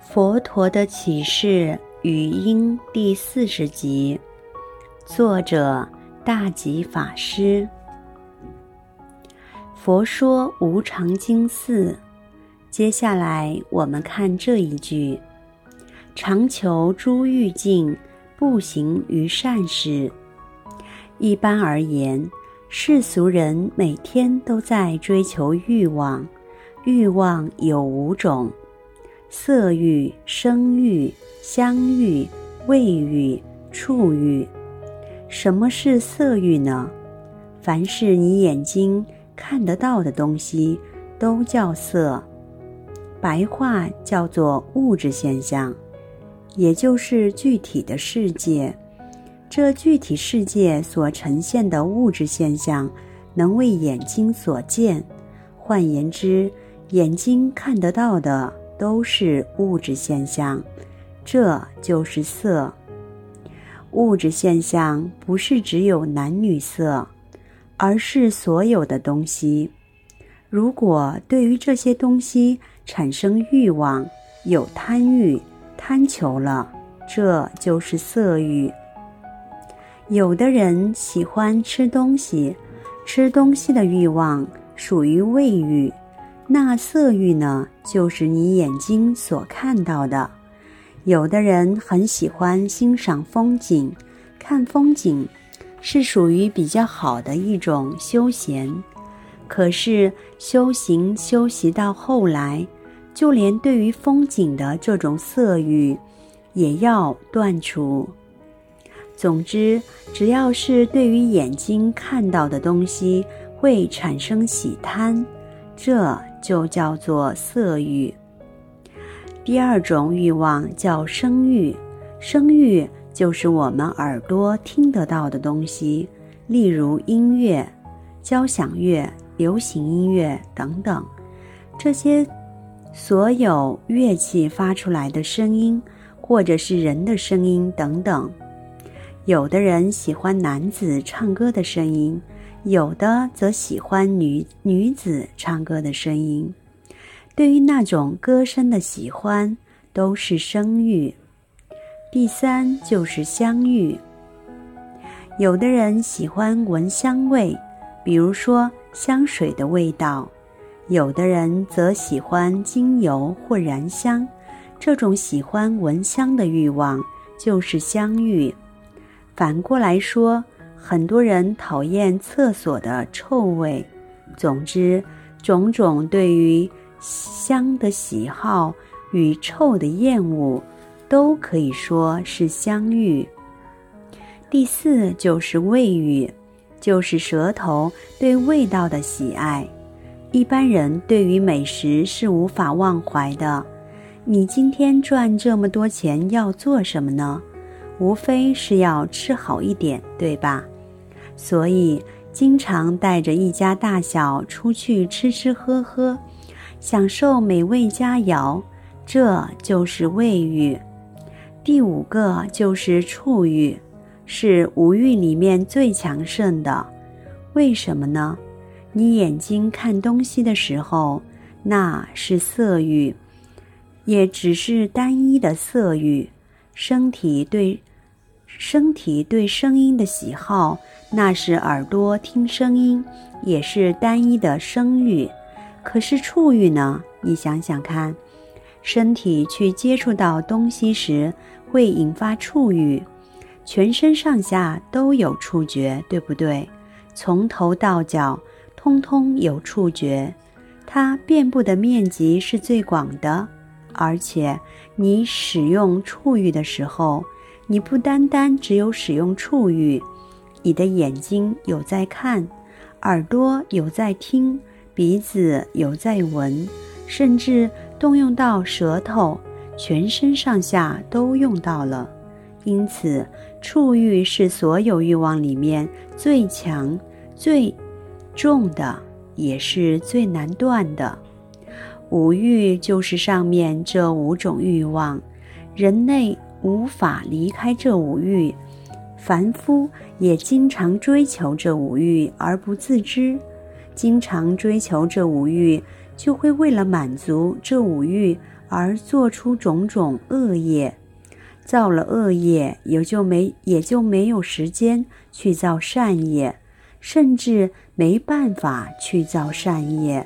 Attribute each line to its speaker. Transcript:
Speaker 1: 佛陀的啟示語音第四十集，作者大寂法師。佛說無常經四，接下來我們看這一句：常求諸欲境，不行於善事。一般而言。世俗人每天都在追求慾望，慾望有五種：色慾、聲慾、香慾、味慾、觸慾。什麼是色慾呢？凡是你眼睛看得到的東西，都叫色。白話叫做物質現象，也就是具體的世界。這具體世界所呈現的物質現象，能為眼睛所見。換言之，眼睛看得到的都是物質現象，這就是色。物質現象不是只有男女色，而是所有的東西。如果對於這些東西產生欲望、有貪欲、貪求了，這就是色欲。有的人喜歡吃東西，吃東西的慾望屬於味欲。那色欲呢？就是你眼睛所看到的。有的人很喜歡欣賞風景，看風景是屬於比較好的一種休閒。可是修行修習到後來，就連對於風景的這種色欲也要斷除。總之，只要是對於眼睛看到的東西會產生喜貪，這就叫做色欲。第二種欲望叫聲欲，聲欲就是我們耳朵聽得到的東西，例如音樂、交響樂、流行音樂等等，這些所有樂器發出來的聲音，或者是人的聲音等等。有的人喜歡男子唱歌的聲音，有的則喜歡女女子唱歌的聲音。對於那種歌聲的喜歡，都是聲欲。第三就是香欲。有的人喜歡聞香味，比如說香水的味道；有的人則喜歡精油或燃香。這種喜歡聞香的欲望就是香欲。反過來說，很多人討厭廁，廁所的臭味。總之，種種對於香的喜好與臭的厭惡，都可以說是香欲。第四就是味欲，就是舌頭對味道的喜愛。一般人對於美食是無法忘懷的。你今天賺這麼多錢要做什麼呢？無非是要吃好一點，對吧？所以經常帶着一家大小出去吃吃喝喝，享受美味佳肴，這就是味欲。第五個就是觸欲，是五欲裡面最強盛的。為什麼呢？你眼睛看東西的時候，那是色欲，也只是單一的色欲。身體對。身體對聲音的喜好，那是耳朵聽聲音，也是單一的聲欲。可是觸欲呢？你想想看，身體去接觸到東西時，會引發觸欲，全身上下都有觸覺，對不對？從頭到腳，通通有觸覺，它遍佈的面積是最廣的。而且你使用觸欲的時候。你不單單只有使用觸欲，你的眼睛有在看，耳朵有在聽，鼻子有在聞，甚至動用到舌頭，全身上下都用到了。因此，觸欲是所有欲望裡面最強、最重的，也是最難斷的。五欲就是上面這五種欲望，人類無法離開這五欲，凡夫也經常追求這五欲而不自知。經常追求這五欲，就會為了滿足這五欲而做出種種惡業。造了惡業，也就沒也就沒有時間去造善業，甚至沒辦法去造善業。